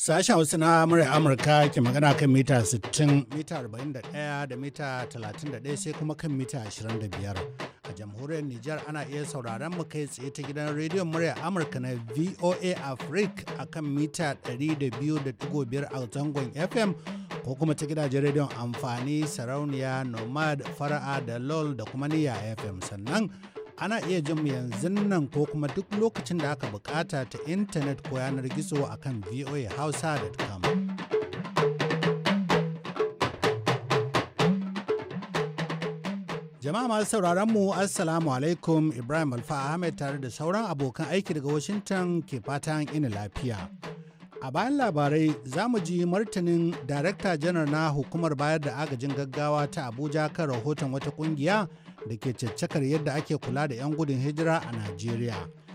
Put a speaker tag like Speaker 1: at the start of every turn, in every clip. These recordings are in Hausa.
Speaker 1: Sashen Hausa na murya Amurka ke magana kan mita 60, mita 41 da mita 31 sai kuma kan mita 25. A jamhuriyar Nijar ana iya sauraron mu kai tsaye ta gidan rediyon murya Amurka na VOA Africa a kan mita 200.5 a zangon FM ko kuma ta gidajen rediyon amfani sarauniya Nomad, Fara'a da LOL da kuma Niyya FM sannan ana iya jin mu yanzu nan ko kuma duk lokacin da aka bukata ta intanet ko yanar gizo akan voahausa.com. Jama'a masu sauraron mu Assalamu alaikum Ibrahim Alfa Ahmed tare da sauran abokan aiki daga Washington ke fatan ina lafiya. A bayan labarai za mu ji martanin Darakta janar na hukumar bayar da agajin gaggawa ta Abuja kan rahoton wata kungiya da ke caccakar yadda ake kula da 'yan gudun hijira a Najeriya.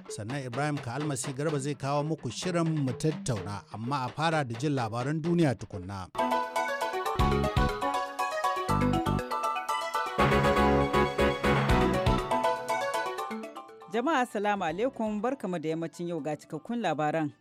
Speaker 1: Sannan Ibrahim Kalmasi Garba zai kawo muku shirin mu tattauna amma a fara da jin labaran duniya tukunna.
Speaker 2: Jama'a salamu alaikum barkamu da yammacin yau ga cikakkun labaran.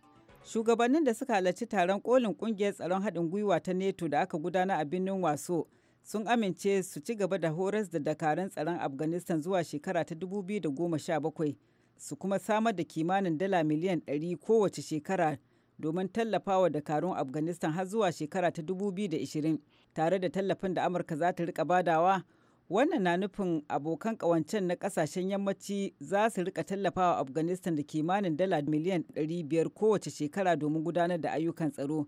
Speaker 2: Shugabannin da suka halarci taron kolin kungiyar tsaron haɗin gwiwa ta NATO da aka gudana a birnin Waso. sun amince su ci gaba da horas da dakarun tsaron afghanistan zuwa shekara ta 2017 su kuma samar da kimanin dala miliyan 100 kowace shekara domin tallafawa dakarun afghanistan har zuwa shekara ta 2020 tare da tallafin da amurka za ta rika badawa wannan na nufin abokan kawancen na kasashen yammaci za su rika tallafawa afghanistan da kimanin dala miliyan 500 kowace shekara domin gudanar da ayyukan tsaro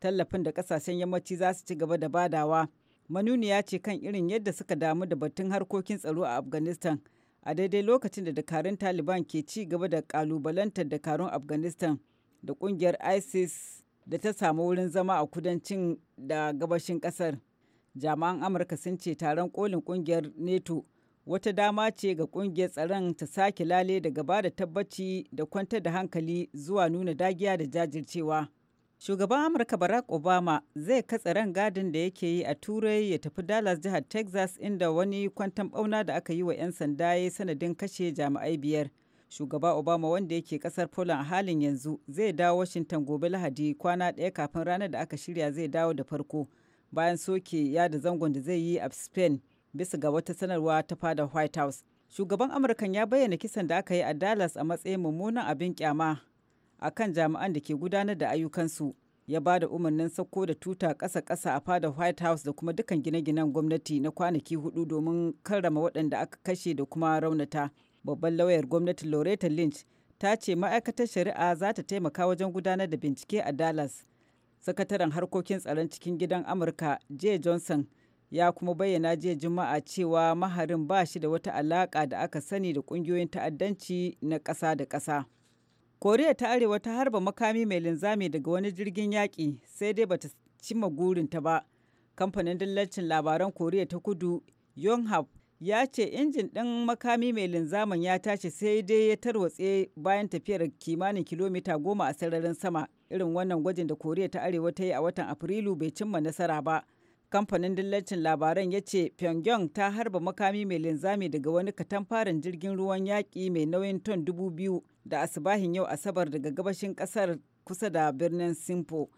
Speaker 2: tallafin da kasashen yammaci za su ci gaba da badawa manuniya ce kan irin yadda suka damu da batun harkokin tsaro a afghanistan a daidai lokacin da dakarun taliban ke ci gaba da kalubalantar dakarun afghanistan da kungiyar isis da ta samu wurin zama a kudancin da gabashin kasar jami'an amurka sun ce taron kolin kungiyar neto wata dama ce ga kungiyar tsaron ta sake lale daga ba da tabbaci da kwantar da hankali zuwa nuna dagiya da jajircewa. shugaban amurka barack obama zai katse ran gadin da yake yi a turai ya tafi dallas jihar texas inda wani kwantan bauna da aka yi wa 'yan sanda ya sanadin kashe jami'ai biyar shugaba obama wanda yake kasar poland a halin yanzu zai dawo washington gobe lahadi kwana ɗaya kafin ranar da aka shirya zai dawo da farko bayan soke ya da zangon da zai yi a spain bisa ga wata sanarwa ta fada white house shugaban amurkan ya bayyana kisan da aka yi a dallas a matsayin mummunan abin kyama a kan jami'an da ke gudanar da ayyukansu ya ba da umarnin sauko da tuta ƙasa-ƙasa a fadar white house da kuma dukkan gine-ginen gwamnati na kwanaki hudu domin karrama waɗanda aka kashe da kuma raunata babban lauyar gwamnati loretta lynch ta ce ma'aikatar shari'a za ta taimaka wajen gudanar da bincike a dallas sakataren harkokin tsaron cikin gidan amurka jay johnson ya kuma bayyana jiya juma'a cewa maharin ba shi da wata alaƙa da aka sani da ƙungiyoyin ta'addanci na ƙasa da ƙasa. koriya ta arewa ta harba makami mai linzami daga wani jirgin yaƙi sai dai bata cimma ta ba kamfanin dillacin labaran koriya ta kudu yonhap ya ce injin ɗin makami mai linzamin ya tashi sai dai ya tarwatse bayan tafiyar kimanin kilomita goma a sararin sama irin wannan gwajin da koriya ta arewa ta yi a watan afrilu bai cimma nasara ba kamfanin dillacin labaran ya ce pyongyang ta harba makami mai linzami daga wani katamfarin jirgin ruwan yaƙi mai nauyin ton dubu biyu da asibahin yau asabar daga gabashin kasar kusa da birnin simpo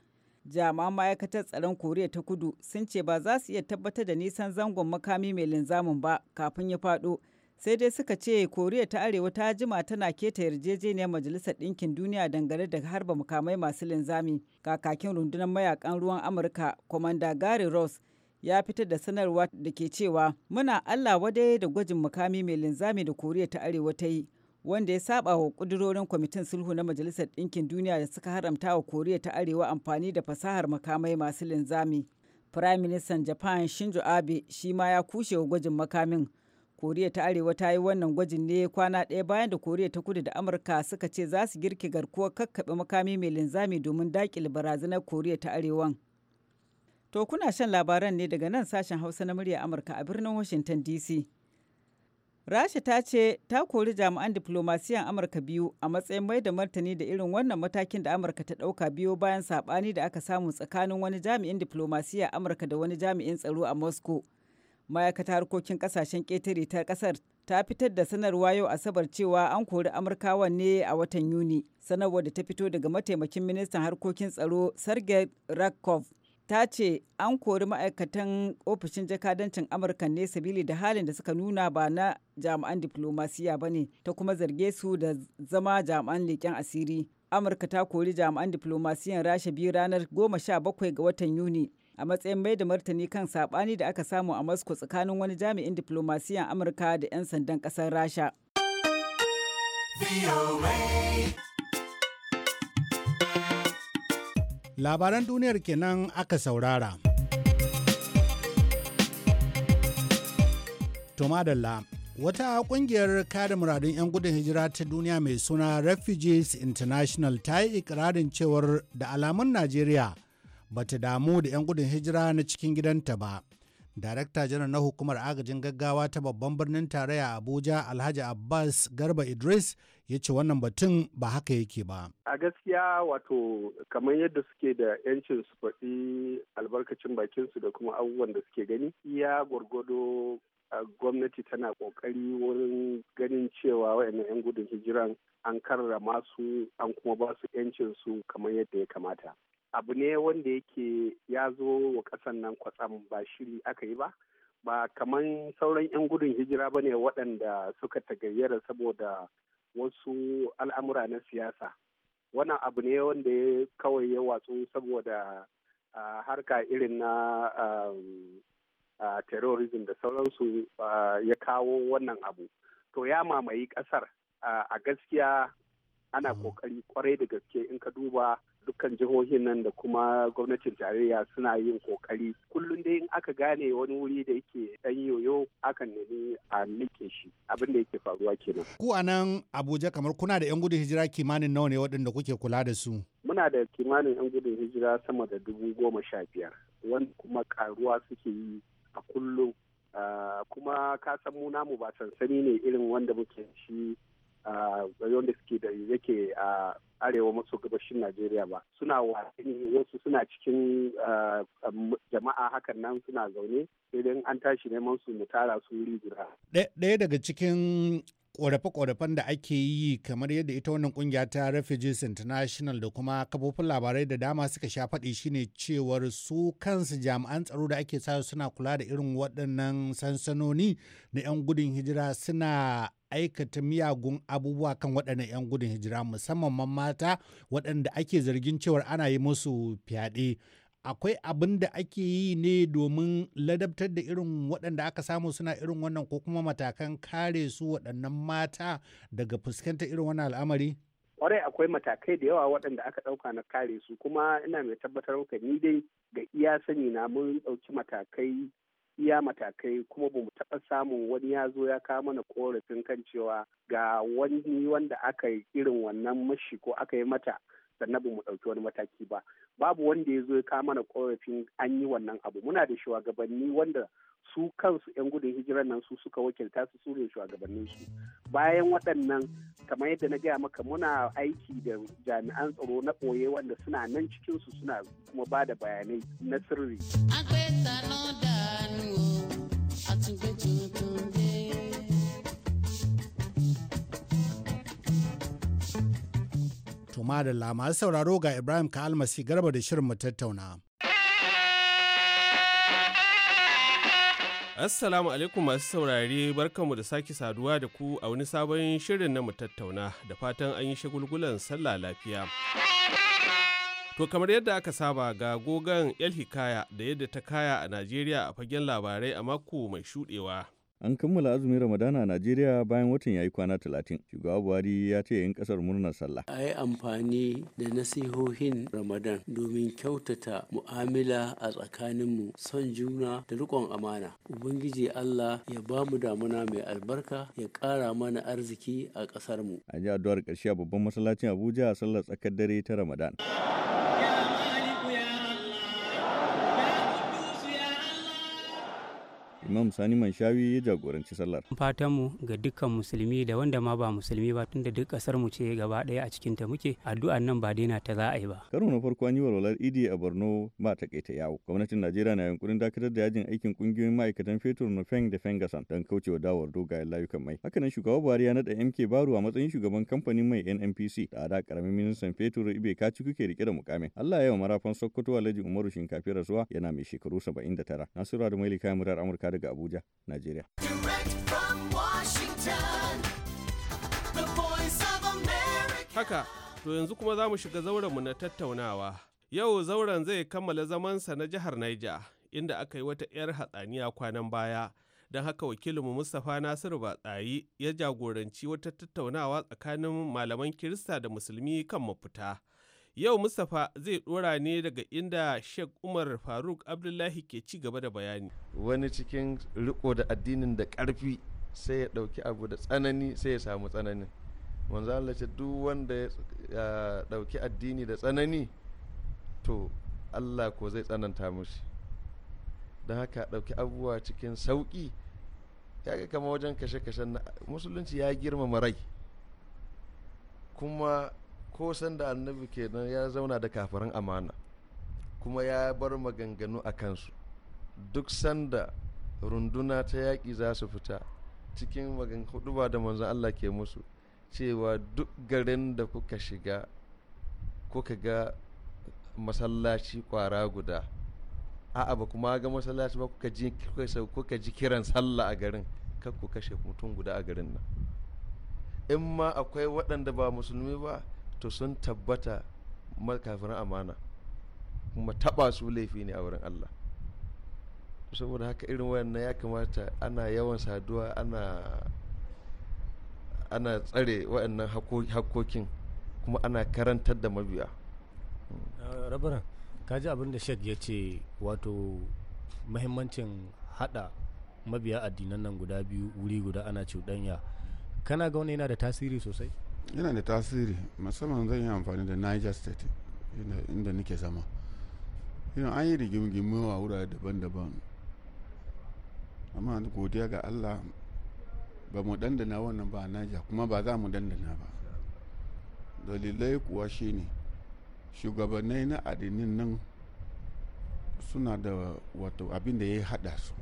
Speaker 2: jami'an ma'aikatar tsaron koriya ta kudu sun ce ba za su iya tabbatar da nisan zangon makami mai linzamin ba kafin ya faɗo sai dai suka ce koriya ta arewa ta jima tana keta yarjejeniyar majalisar ɗinkin duniya dangane da harba mukamai masu linzami kakakin rundunar mayakan ruwan amurka kwamanda gary ross ya fitar da sanarwa da ke cewa muna allah wadai da gwajin mukami mai linzami da koriya ta arewa ta yi wanda ya saba wa kudurorin kwamitin sulhu na majalisar ɗinkin duniya da suka haramta wa koriya ta arewa amfani da fasahar makamai masu linzami prime minister japan shinzo abe shi ma ya kushe wa gwajin makamin koriya ta arewa ta yi wannan gwajin ne kwana ɗaya bayan da koriya ta kudu da amurka suka ce za su girke garkuwar kakkaɓe makami mai linzami domin daƙile barazanar koriya ta arewan to kuna shan labaran ne daga nan sashen hausa na murya amurka a birnin washington dc rasha ta ce ta kori jami'an diflomasiyan amurka biyu a matsayin mai da martani da irin wannan matakin da amurka ta ɗauka biyo bayan saɓani da aka samu tsakanin wani jami'in diflomasiya amurka da wani jami'in tsaro a moscow ma'aikata harkokin kasashen ƙetare ta ƙasar ta fitar da sanarwa yau asabar cewa an kori amurkawan ne a watan yuni sanarwar da ta fito daga mataimakin ministan harkokin tsaro sergei rakov ta ce an kori ma'aikatan ofishin jakadancin amurka ne sabili da halin da suka nuna ba na jami'an diflomasiya ba ne ta kuma zarge su da zama jami'an leƙen asiri amurka ta kori jami'an diflomasiyan rasha biyu ranar 17 ga watan yuni a matsayin mai da martani kan sabani da aka samu a moscow tsakanin wani jami'in diflomasiyan amurka da 'yan sandan ƙasar rasha
Speaker 1: Labaran duniyar kenan aka saurara. Tomadalla Wata kungiyar kare muradun 'yan gudun hijira ta duniya mai suna Refugees International ta yi ikirarin cewar da alamun Najeriya bata damu da 'yan gudun hijira na cikin gidanta ba. Darakta janar na hukumar agajin gaggawa ta babban birnin tarayya Abuja Alhaji Abbas Garba Idris ya ce wannan batun ba haka yake ba. A
Speaker 3: gaskiya wato kamar yadda suke da 'yancin su faɗi albarkacin bakinsu da kuma abubuwan da suke gani, iya gwargwado gwamnati tana ƙoƙari wurin ganin cewa wayannan 'yan gudun hijiran an karrama su an kuma ba su 'yancin su kamar yadda ya kamata.
Speaker 4: abu ne wanda
Speaker 3: yake ya zo wa ƙasan nan kwatsam ba shiri aka yi ba ba kaman sauran 'yan gudun hijira ba ne waɗanda suka tagayyara saboda wasu al'amura na siyasa wannan abu ne wanda ya kawai ya watsu saboda harka irin na terrorism da sauransu ya kawo wannan abu to ya mamaye ƙasar a gaskiya ana kokari mm. kwarai da gaske in ka duba dukkan jihohin nan da kuma gwamnatin tarayya suna yin kokari kullum dai in aka gane wani wuri da yake dan yoyo akan nemi a nike shi abin da yake faruwa kenan
Speaker 1: ku a nan abuja kamar kuna da yan gudun hijira kimanin nawa ne waɗanda kuke kula da su
Speaker 3: muna da kimanin yan gudun hijira sama da dubu goma sha biyar wanda kuma karuwa suke yi a kullum ah, kuma ka san mu namu ba sansani ne irin wanda muke shi a da suke da yake a arewa maso gabashin Najeriya ba suna wasu suna cikin jama'a hakan nan suna zaune idan an tashi neman su mutara tara su wuri guda.
Speaker 1: Ɗaya daga cikin korafe-korafen da ake yi kamar yadda ita wannan kungiya ta refugees international da kuma kafofin labarai da dama suka sha faɗi shine cewar su kansu jami'an tsaro da ake sa suna kula da irin waɗannan sansanoni na 'yan gudun hijira suna aikata miyagun abubuwa kan waɗannan 'yan gudun hijira musamman mata waɗanda ake zargin cewar ana yi musu fyaɗe akwai abin da ake yi ne domin ladabtar da irin waɗanda aka samu suna irin wannan ko kuma matakan kare su waɗannan mata daga fuskantar irin wannan al'amari?
Speaker 3: kwarai akwai matakai da yawa waɗanda aka ɗauka na kare su kuma ina mai tabbatar ka ni dai ga iya sani na mun ɗauki matakai iya matakai kuma bamu taɓa samun wani ya zo ya kawo mana korafin kan cewa ga wani wanda aka yi irin wannan mashi ko aka yi mata sannan ba mu ɗauki wani mataki ba babu wanda ya zo ya ka mana korafin an yi wannan abu muna da shugabanni wanda su kansu 'yan gudun hijirar nan su suka wakilta su su ne shugabannin su bayan waɗannan kamar yadda na gaya maka muna aiki da jami'an tsaro na ɓoye wanda suna nan cikinsu suna kuma ba da bayanai na sirri.
Speaker 1: madalla masu sauraro ga Ibrahim ka almasi garba da shirin mu tattauna.
Speaker 5: Assalamu alaikum masu saurare barkanmu da sake saduwa da ku a wani sabon shirin na mu tattauna da fatan an yi shagulgulan sallah lafiya. To kamar yadda aka saba ga gogon El Hikaya da yadda ta kaya a Najeriya a fagen labarai a mako mai shudewa.
Speaker 6: An kammala azumin Ramadana a Najeriya bayan watan yayi kwana talatin. Shugaba Buhari ya ce yin kasar murnar sallah.
Speaker 5: A yi amfani
Speaker 3: da nasihohin Ramadan domin kyautata mu'amala a tsakaninmu son juna da riƙon amana. Ubangiji Allah ya ba mu damuna mai albarka ya ƙara mana arziki a ƙasarmu.
Speaker 6: A ji addu'ar ƙarshe a babban masallacin Abuja a sallar tsakar dare ta Ramadan. Imam Sani Manshawi ya jagoranci sallar.
Speaker 2: Fatan mu ga dukkan musulmi da wanda ma ba musulmi ba tunda duk kasar mu ce gaba ɗaya a cikin ta muke addu'an nan ba daina ta za a yi ba.
Speaker 6: Karo na farko an yi walwalar Idi a Borno ba ta kaita yawo. Gwamnatin Najeriya na yankurin dakatar da yajin aikin kungiyoyin ma'aikatan fetur na feng da Fengasan don kaucewa dawar dogayen layukan mai. Hakanan shugaba Buhari ya nada MK Baro a matsayin shugaban kamfanin mai NNPC da ada karamin ministan fetur Ibe ci kuke rike da mukamin. Allah ya yi wa marafan Sokoto Alhaji Umaru Shinkafi rasuwa yana mai shekaru 79. Nasiru Adamu Kayan Murar Amurka daga Abuja, Najeriya.
Speaker 5: Haka, to yanzu kuma za mu shiga zaurenmu na tattaunawa. Yau zauren zai kammala zamansa na jihar Naija, inda aka yi wata 'yar hatsaniya kwanan baya. Don haka wakilinmu Mustapha Nasiru Batsayi ya jagoranci wata tattaunawa tsakanin malaman Kirista da Musulmi kan mafuta. Yau Mustapha zai ɗora ne daga inda Sheikh Umar Faruk Abdullahi ke
Speaker 7: ci gaba da bayani. Wani cikin riko da addinin da ƙarfi sai ya ɗauki abu da tsanani sai ya samu tsananin. Manzo Allah duk wanda ya ɗauki addini da tsanani to Allah ko zai tsananta mushi. Don haka ɗauki abubuwa cikin sauki ya ga kama wajen kashe-kashen musulunci ya girmama rai kuma ko sanda annabi kenan ya zauna da kafirin amana kuma ya bar maganganu a kansu duk sanda runduna ta yaƙi za su fita cikin maganganu da manzan Allah ke musu cewa duk garin da kuka shiga kuka ga masallaci kwara guda a'a ba kuma ga masallaci ba kuka ji kuka ji kiran sallah a garin kar kashe mutum guda a garin nan in ma akwai waɗanda ba musulmi ba to sun tabbata makafiran amana kuma taɓa su laifi ne a wurin Allah saboda haka irin wayannan ya kamata ana yawan saduwa ana ana tsare wayannan hakokin kuma ana karantar da
Speaker 8: mabiya ah, rabaran kaji abin da shek ya ce wato mahimmancin hada mabiya addinan nan guda biyu wuri guda ana cuɗanya kana ga wani yana da tasiri sosai
Speaker 9: yana da tasiri musamman zan yi amfani da niger state inda nake zama yin an yi rigimgimi a wurare daban-daban amma godiya ga allah ba mu dandana wannan ba a niger kuma ba za mu dandana ba dalilai kuwa shine shugabannai na adinin nan suna da wato abin da ya hada su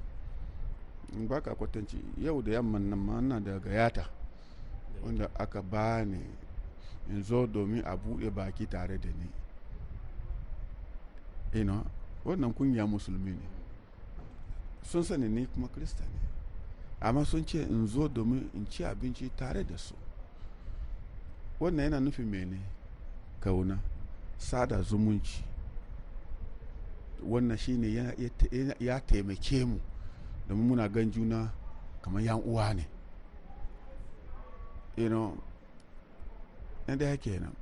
Speaker 9: in ba ka kwatanci yau da yamman nan ma na da gayata wanda aka ba ni in zo domin a buɗe baki tare da ni ina wannan kungiya musulmi ne sun sani ni kuma krista ne amma sun ce in zo domin in ci abinci tare da su wannan yana nufin mene kauna sada zumunci wannan shine ya taimake mu domin muna gan juna kamar yan uwa ne you know na daya kenan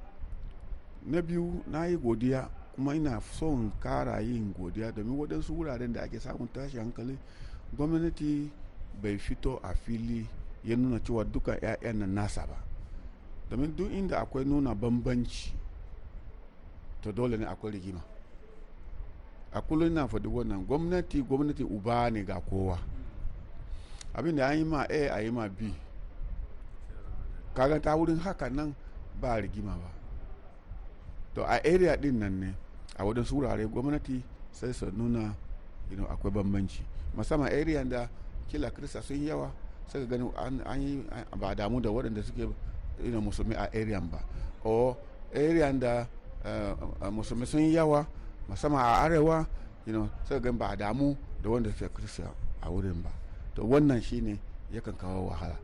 Speaker 9: na biyu na yi godiya kuma ina son kara yin godiya domin waɗansu wuraren da ake samun tashi hankali gwamnati bai fito a fili ya nuna cewa duka 'ya'yan nan nasa ba domin duk inda akwai nuna bambanci to dole ne akwai rigima a kullum na faɗi wannan gwamnati gwamnati uba ne ga kowa abinda da an yi ma a a yi ma b kaga ta wurin haka nan ba rigima ba to a area din nan ne a wajen surare gwamnati sai su nuna akwai bambanci musamman area da kila krista sun yawa sai ka gani an yi ba damu da waɗanda suke you musulmi a area ba o area da eh, musulmi sun yawa musamman a arewa sai ka gani ba damu da wanda suke krista a wurin ba to wannan shine yakan kawo wahala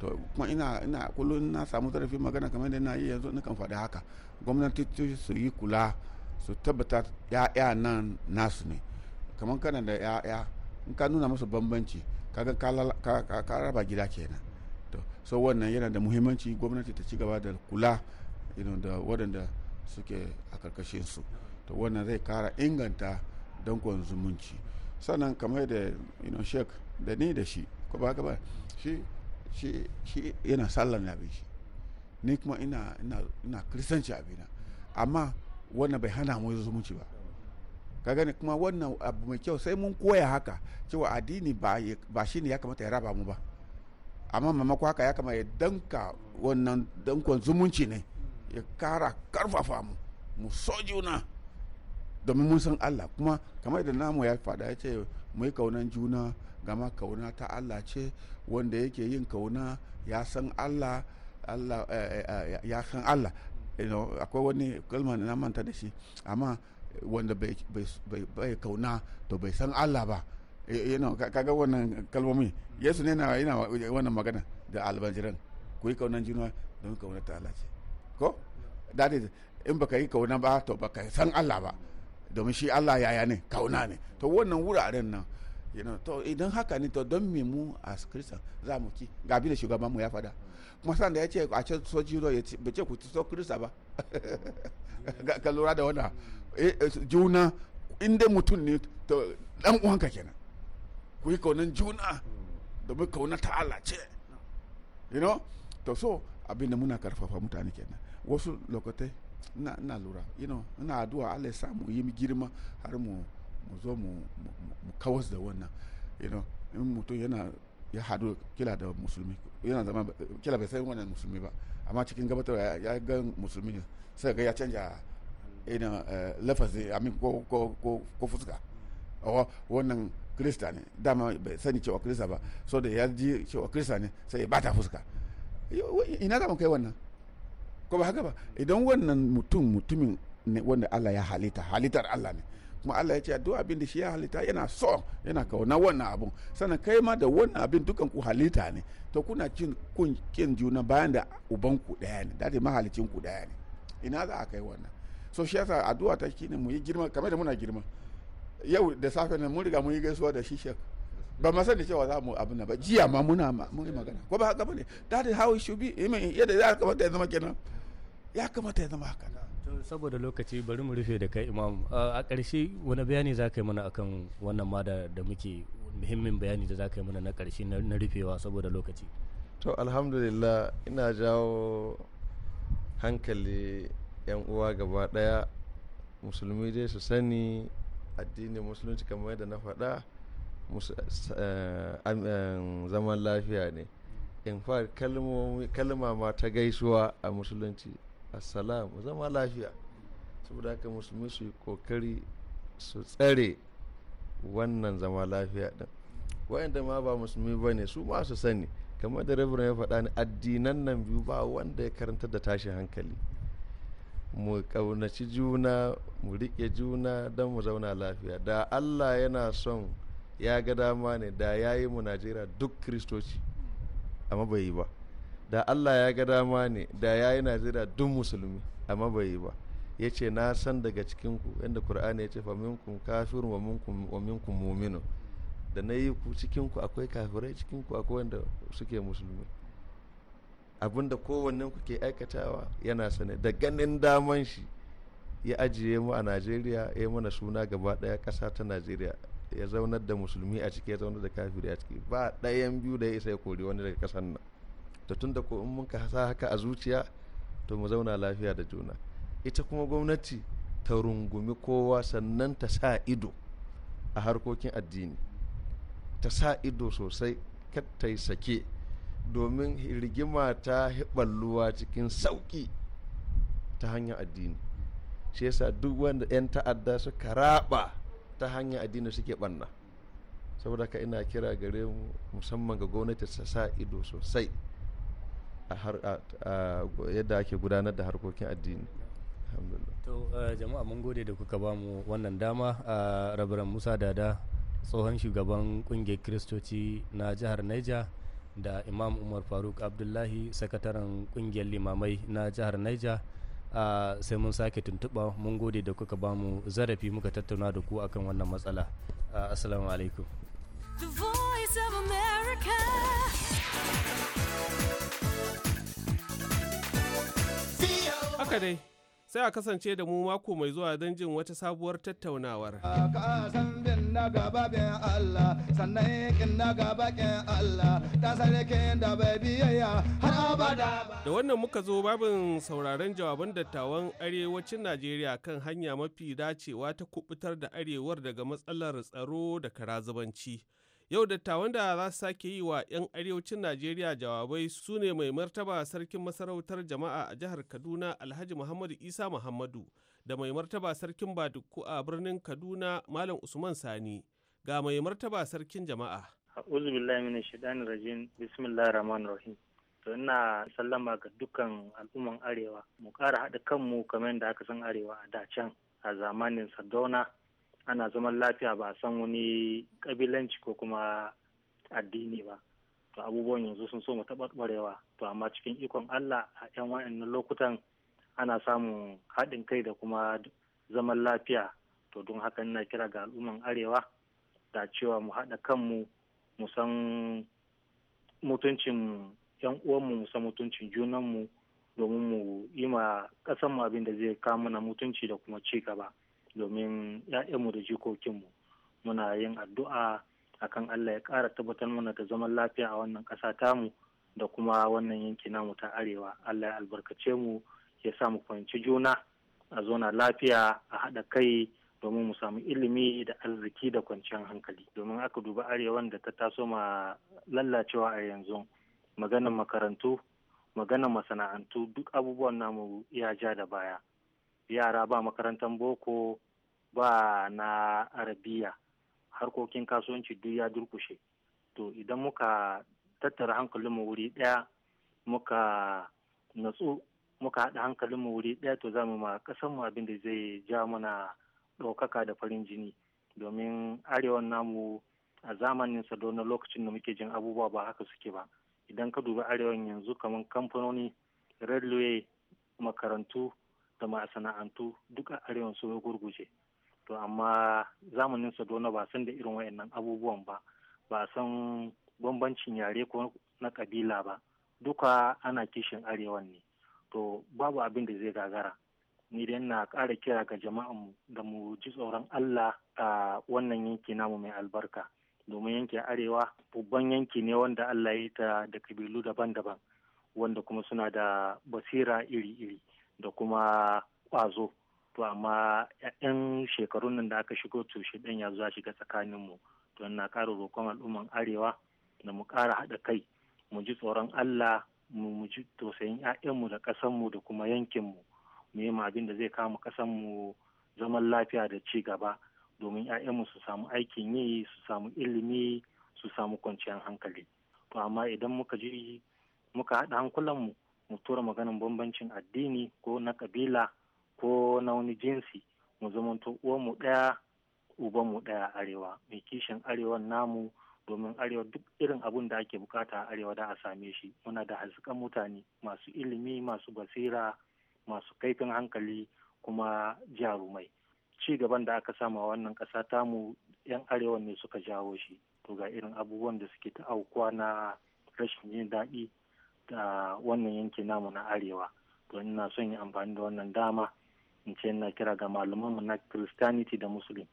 Speaker 9: to kuma ina ina kullum na samu zarafin magana kamar da na yi yanzu kan faɗi haka gwamnati su yi kula su tabbata ya'ya nan nasu ne kamar kana da ya'ya in ka nuna musu bambanci kaga ka raba gida kenan to so wannan yana da muhimmanci gwamnati ta ci gaba da kula da waɗanda suke a karkashin su to wannan zai kara inganta dankon zumunci sannan kamar da shek da ni da shi ko ba ba shi shi shi yana sallar na abin shi ni kuma ina ina ina kristanci abina amma wannan bai hana mu zumunci ba ka gani kuma wannan abu mai kyau sai mun koya haka cewa addini ba ba ne ya kamata ya raba mu ba amma mamako haka ya kamata ya danka wannan dankon zumunci ne ya kara karfafa mu mu so juna domin mun san Allah kuma kamar da namu ya fada ya ce mu yi kaunan juna gama kauna ta allah ce wanda yake yin kauna ya san allah allah eh, eh, eh, ya san allah akwai wani kalmar na manta da shi amma wanda bai kauna to bai san allah ba kaga wannan kalmomi yesu ne na yana wannan magana da albanjiran ku yi kaunan juna don kauna ta allah ce ko that is in baka yi kauna ba to baka san allah ba domin shi allah yaya ne kauna ne to wannan wuraren nan you know to idan haka ne to don me mu a kristan za mu ki ga abin da shugaban mu ya fada kuma san da ya ce a ce soji ya ce bai ce ku so krista ba ka lura da wannan eh, eh, juna inda mutum ne to dan uwanka kenan ku yi kaunan juna domin kauna ta Allah ce you know to so abin da muna karfafa mutane kenan wasu lokatai na lura you know ina addu'a Allah ya samu yi girma har mu mu zo mu kawas da wannan you know in mutum yana ya hadu kila da musulmi yana zama kila bai san wannan musulmi ba amma cikin gabatar ya ga musulmi ne sai ga ya canja ina eh, lafazi amin ko ko ko ko fuska wannan krista ne dama bai sani cewa krista ba so da ya ji cewa krista ne sai ya bata fuska ina za kai wannan ko ba haka ba idan wannan mutum mutumin ne wanda Allah ya halitta halittar Allah ne kuma Allah ya ce addu'a abin da shi ya halitta yana so yana kauna wannan abun sannan kai ma da wannan abin dukan ku halitta ne to kuna cin kun kin juna bayan da uban ku daya ne dade mahalicin ku daya ne ina za a kai wannan so shi yasa addu'a ta shine mu yi girma kamar da muna girma yau da safe ne mun riga mun yi gaisuwa da shi shek ba ma sani cewa za mu abin ba jiya ma muna mun yi magana ko ba haka bane that is how it should be yadda ya kamata ya zama kenan ya kamata ya zama haka
Speaker 8: saboda lokaci bari mu rufe da kai imam a ƙarshe wani bayani za ka yi mana akan wannan mada da muke muhimmin bayani da za ka yi mana na ƙarshe na rufewa saboda lokaci to
Speaker 7: alhamdulillah ina jawo hankali 'yan uwa gaba ɗaya musulmi dai su sani addinin musulunci kamar yadda na faɗa eh, zaman lafiya ne in kalma ma ta gaisuwa a musulunci assalam zama lafiya saboda haka musulmi su yi kokari su tsare wannan zama lafiya din wayanda ma ba musulmi ba ne su ma su sani kamar da rabin ya faɗa ni addinan nan biyu ba wanda ya karanta da tashin hankali mu ƙaunaci juna mu riƙe juna don mu zauna lafiya da allah yana son ya ga dama ne da ya yi mu najeriya duk kristoci amma bai yi ba da allah ya ga dama ne da ya yi najeriya duk musulmi amma bai yi ba ya ce na san daga cikinku yadda kur'ani ya ce fa minkum wa minkum wa mu'minu da na yi ku cikinku akwai kafirai cikinku akwai wanda suke musulmi abinda kowannen ku ke aikatawa yana sane da ganin daman shi ya ajiye mu a najeriya ya mana suna gaba daya kasa ta najeriya ya zaunar da musulmi a ciki ya zaunar da kafiri a ciki ba ɗayan biyu da ya isa ya kori wani daga ƙasar nan Da tunda ko in mun ka sa haka a zuciya to mu zauna lafiya da juna ita kuma gwamnati ta rungumi kowa sannan ta sa ido a harkokin addini ta sa ido sosai ta yi sake domin rigima ta hiballuwa cikin sauƙi ta hanyar addini shi yasa duk wanda 'yan ta'adda suka raba ta hanyar addini suke ɓanna saboda ka ina kira gare mu musamman ga gwamnati ta sa ido sosai a yadda ake gudanar da harkokin addini
Speaker 8: to eh, jama'a mun gode da kuka ba mu wannan dama a rabaran musa dada tsohon shugaban kungiyar kiristoci na jihar niger da imam umar faruk abdullahi sakataren kungiyar limamai na jihar niger sai mun sake tuntuɓa mun gode da kuka ba mu zarafi muka tattauna da ku akan wannan matsala assalamu alaikum
Speaker 7: The
Speaker 5: Haka dai, sai a kasance da mu mako mai zuwa don jin wata sabuwar tattaunawar. Da wannan muka zo babin sauraron jawaban dattawan arewacin Najeriya kan hanya mafi dacewa ta kubutar da arewar daga matsalar tsaro da karazubanci. Yau dattawan da za su sake yi wa 'yan arewacin Najeriya jawabai su ne mai martaba sarkin masarautar jama'a a jihar Kaduna Alhaji Muhammadu Isa Muhammadu da mai martaba sarkin Badukku a birnin Kaduna Malam Usman Sani ga mai martaba sarkin jama'a.
Speaker 4: To ina sallama ga dukkan al'umman arewa mu ƙara haɗa kanmu kamar yadda aka san arewa a da a zamanin sadona ana zaman lafiya ba a san wani kabilanci ko kuma addini ba to abubuwan yanzu sun so mu taɓarɓarewa to amma cikin ikon Allah a 'yan wa'annan lokutan ana samun haɗin kai da kuma zaman lafiya to don haka ina kira ga al'umman arewa da cewa mu haɗa kanmu mu san mutuncin yan uwanmu mu san mutuncin junanmu domin mu yi ma ƙasanmu abin da zai kawo mana mutunci da kuma ci gaba domin ‘ya'yanmu da jikokinmu muna yin addu'a a kan Allah ya ƙara tabbatar mana da zaman lafiya a wannan ƙasa tamu da kuma wannan yanki namu ta arewa Allah ya albarkace mu ya sa mu fahimci juna a zona lafiya a haɗa kai domin mu samu ilimi da arziki da kwanciyar hankali domin aka duba arewan da ta taso ma lallacewa a yanzu maganan makarantu maganan masana'antu duk abubuwan namu ya ja da baya yara ba makarantar boko ba na arabiya harkokin kasuwanci duk ya durkushe to idan muka tattara hankalinmu wuri daya muka natsu muka haɗa hankalinmu wuri daya to zamu ma ƙasanmu abin da zai ja mana ɗaukaka da farin jini domin arewan namu a zamanin sa na lokacin da muke jin abubuwa ba haka suke ba idan ka dubi arewan yanzu kamar kamfanoni railway makarantu ta masana'antu duk a arewan su ya gurguje to amma zamanin sadona ba san da irin wayannan abubuwan ba ba san bambancin yare ko na kabila ba duka ana kishin arewan ne to babu abin da zai gagara ni dai na ƙara kira ga jama'an mu da mu ji tsoron Allah a wannan yanki namu mai albarka domin yankin arewa babban yanki ne wanda Allah ya ta da kabilu daban-daban wanda kuma suna da basira iri-iri da kuma ƙwazo to amma 'yan shekarun nan da aka shigo to shi ɗan ya zuwa shiga tsakanin mu to na ƙara roƙon al'umman arewa da mu ƙara haɗa kai mu ji tsoron Allah mu ji tausayin mu da ƙasan mu da kuma yankin mu yi abin da zai kama mu zaman lafiya da ci gaba domin 'ya'yanmu su samu aikin yi su samu ilimi su samu kwanciyar hankali to amma idan muka ji muka haɗa mu mu tura maganin bambancin addini ko na kabila ko na wani jinsi mu zamanto uwanmu ɗaya mu ɗaya arewa mai kishin arewa namu domin arewa duk irin abun da ake bukata a arewa da a same shi muna da hasken mutane masu ilimi masu basira masu kaifin hankali kuma jarumai ci gaban da aka sama wannan ƙasa tamu 'yan arewa ne suka jawo shi to ga irin abubuwan da suke ta aukuwa na rashin yin daɗi Da wannan yanki namu na arewa to ina son yi amfani da wannan dama in ce na kira ga mu na christianity da muslim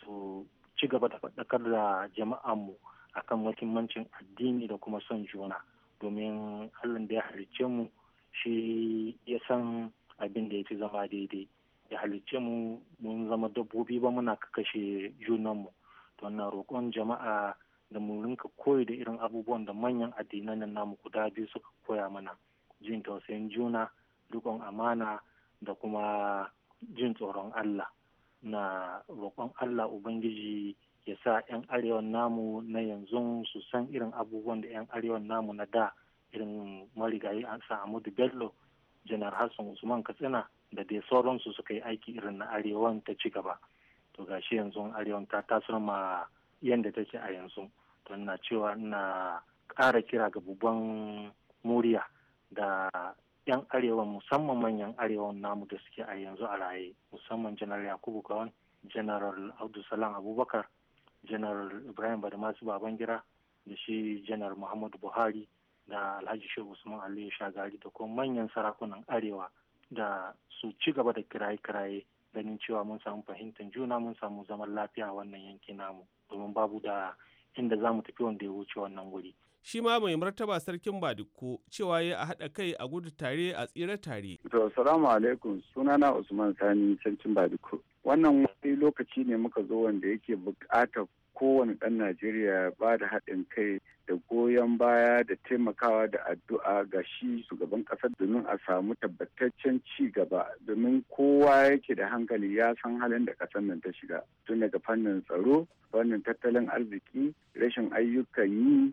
Speaker 4: su ci gaba da faɗakar da jama'an jama'anmu akan muhimmancin addini da kuma son juna domin allah da ya halicce mu shi ya san abin da ya fi zama daidai ya halicce mu mun zama dabbobi ba muna kakashe junanmu to na roƙon jama'a da mu rinka koyi da irin abubuwan da manyan addinan nan namu guda biyu suka koya mana jin tausayin juna rikon amana da kuma jin tsoron Allah na roƙon Allah Ubangiji ya sa 'yan arewan namu na yanzu su san irin abubuwan da 'yan arewan namu na da irin marigayi an sa Amadu Bello janar Hassan Usman Katsina da dai sauransu suka yi aiki irin na arewan ta ci gaba to gashi yanzu arewan ta tasirma ma yadda take a yanzu na cewa na kara kira ga babban muriya da 'yan arewa musamman manyan arewa namu da suke a yanzu a raye musamman janar yakubu gawan general abdulsalam abubakar janar ibrahim badamasu babangira da shi janar muhammadu buhari da alhaji shehu usman aliyu shagari da kuma manyan sarakunan arewa da su ci gaba da kiraye-kiraye ganin cewa mun samu fahimtar juna mun samu zaman lafiya wannan yanki namu domin babu da inda za mu tafi wanda ya wuce wannan
Speaker 10: wuri.
Speaker 5: Shi ma mai martaba sarkin Badikko cewa ya a haɗa kai a gudu tare a tsira tare.
Speaker 10: To, salamu alaikum sunana Usman Sani sarkin Badikko. Wannan wani lokaci ne muka zo wanda yake buƙatar kowane ɗan Najeriya ba da haɗin kai da goyon baya da taimakawa da addu'a ga shi shugaban ƙasar domin a samu tabbataccen ci gaba domin kowa yake da hankali ya san halin da ƙasar nan ta shiga tun daga fannin tsaro fannin tattalin arziki rashin ayyukan yi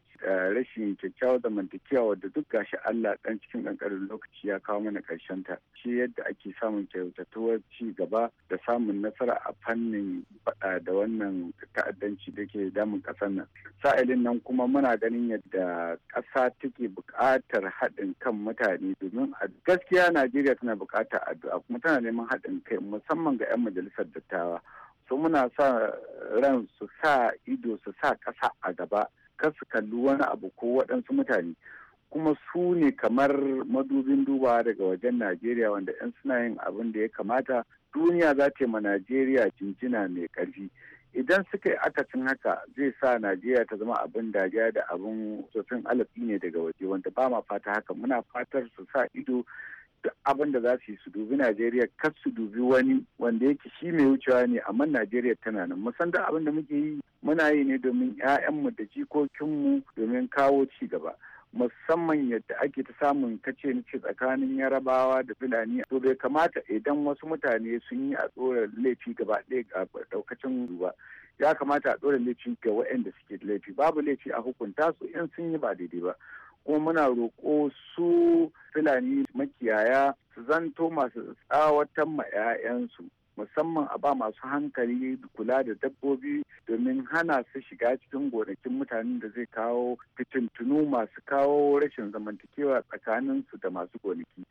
Speaker 10: rashin kyakkyawar zamantakewa wadda duk gashi Allah dan cikin ƙanƙarin lokaci ya kawo mana karshen ta shi yadda ake samun kyautatuwar ci gaba da samun nasara a fannin faɗa da wannan ta'addanci da ke damun ƙasar nan sa'ilin nan kuma muna da ganin yadda ƙasa take buƙatar haɗin kan mutane domin a gaskiya najeriya tana buƙatar addu'a kuma tana neman haɗin kai musamman ga 'yan majalisar dattawa su muna sa ran su sa ido su sa ƙasa a gaba kar su kalli wani abu ko waɗansu mutane kuma su ne kamar madubin duba daga wajen najeriya wanda 'yan suna yin abin da ya kamata duniya za ta yi ma najeriya jinjina mai ƙarfi idan suka yi akasin haka zai sa najeriya ta zama abin dariya da abin sosin alafi ne daga waje wanda ba ma fata haka muna fatar su sa ido duk abin da za su yi su dubi najeriya kar su dubi wani wanda yake shi mai wucewa ne amma najeriya tana nan musan da abin da muke yi muna yi ne domin 'ya'yanmu da jikokinmu domin kawo ci gaba musamman yadda ake ta samun kace ni ce tsakanin yarabawa da fulani to bai kamata idan wasu mutane sun yi a tsoron laifi gaba ɗaya a ɗaukacin ba ya kamata a tsoron laifi ga waɗanda suke laifi babu laifi a hukunta su in sun yi ba daidai ba kuma muna roƙo su fulani makiyaya su zanto masu tsawatan ma 'ya'yansu musamman a ba masu hankali kula da dabbobi domin hana su shiga cikin gonakin mutanen da zai kawo fitintunu masu kawo rashin zamantakewa tsakanin su da masu gonaki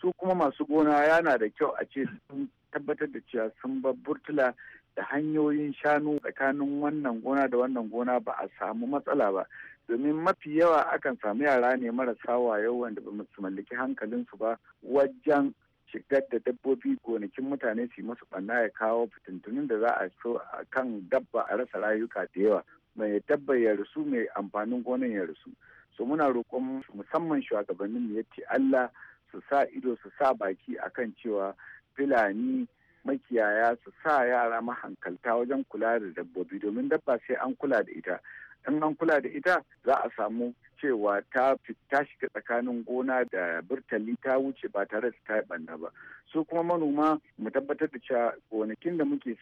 Speaker 10: su kuma masu gona yana da kyau a ce sun tabbatar da cewa sun bar burtula da hanyoyin shanu tsakanin wannan gona da wannan gona ba a samu matsala ba domin mafi yawa akan samu yara ne marasa wayo wanda ba su mallaki hankalinsu ba wajen shigar da dabbobi gonakin mutane su masu ɓanna ya kawo fitintunin da za a so a kan dabba a rasa rayuka da yawa mai dabba ya rasu mai amfanin gonan ya rasu so muna roƙon musamman shugabannin mu ce Allah su sa ido su sa baki akan cewa filani makiyaya su sa yara mahankalta wajen kula da dabbobi domin dabba sai an kula da ita in an kula da ita za a samu cewa ta fita shiga tsakanin gona da burtali ta wuce ba tare da ta banna ba su kuma manoma mu tabbatar da cewa gonakin da muke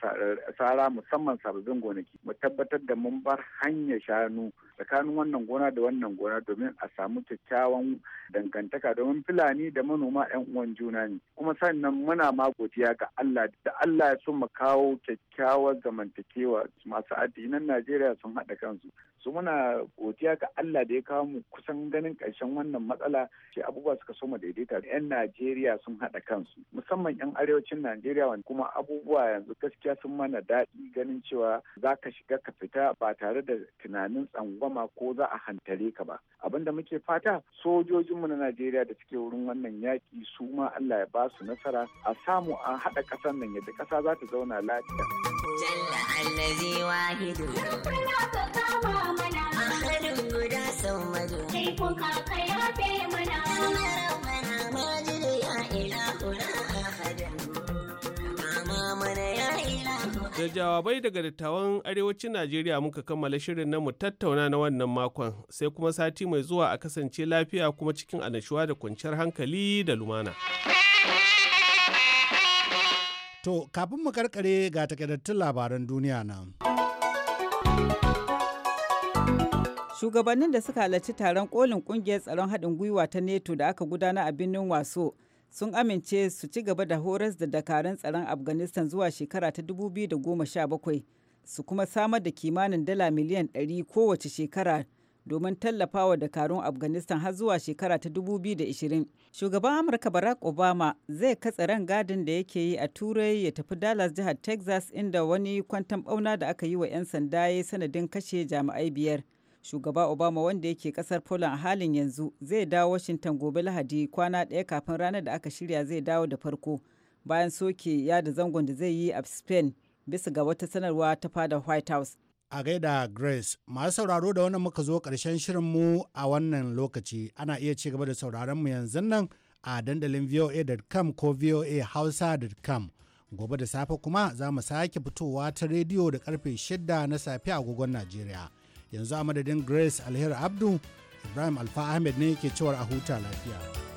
Speaker 10: tsara musamman sabbin gonaki mu tabbatar da mun bar hanyar shanu tsakanin wannan gona da wannan gona domin a samu kyakkyawan dangantaka domin fulani da manoma yan uwan juna ne kuma sannan muna ma godiya ga Allah da Allah ya so mu kawo kyakkyawar zamantakewa masu addinan Najeriya sun haɗa kansu su muna godiya ga Allah da ya kawo mu kusan ganin ƙarshen wannan matsala sai abubuwa suka soma daidaita yan Najeriya sun haɗa kansu musamman yan arewacin Najeriya wani kuma abubuwa yanzu gaskiya sun mana daɗi ganin cewa za ka shiga ka fita ba tare da tunanin tsangwama ko za a hantare ka ba abinda muke fata sojojinmu na Najeriya da suke wurin wannan yaƙi su ma Allah ya ba su nasara a samu a haɗa ƙasar nan yadda ƙasa za ta zauna lafiya. Jalla Allah wahidu.
Speaker 5: Da jawabai daga dattawan arewacin Najeriya muka kammala shirin na mu tattauna na wannan makon sai kuma sati mai zuwa a kasance lafiya kuma cikin annashuwa da kwanciyar hankali da lumana.
Speaker 1: To, kafin mu karkare ga takaitattun labaran duniya na.
Speaker 2: shugabannin da suka halarci taron kolin kungiyar tsaron haɗin gwiwa ta neto da aka gudana a birnin waso sun amince su ci gaba da horas da dakarun tsaron afghanistan zuwa shekara ta 2017 su kuma samar da kimanin dala miliyan 100 kowace shekara domin tallafawa dakarun afghanistan har zuwa shekara ta 2020 shugaban amurka barack obama zai katse ran gadin da yake yi a turai ya tafi dallas jihar texas inda wani kwantan bauna da aka yi wa 'yan sanda ya sanadin kashe jami'ai biyar shugaba obama wanda yake kasar poland halin yanzu zai dawo washington gobe lahadi kwana ɗaya kafin ranar da aka shirya zai dawo da farko bayan soke ya da zangon da zai yi a spain bisa ga wata sanarwa ta fada white house a gaida grace
Speaker 1: masu sauraro da wannan muka zo karshen shirin mu a wannan lokaci ana iya ci gaba da sauraron mu yanzu nan a dandalin voa.com ko voahausa.com gobe da safe kuma za mu sake fitowa ta rediyo da karfe 6 na safe agogon najeriya yanzu a madadin grace alheri abdu ibrahim alfa ahmed ne ke cewar a huta lafiya.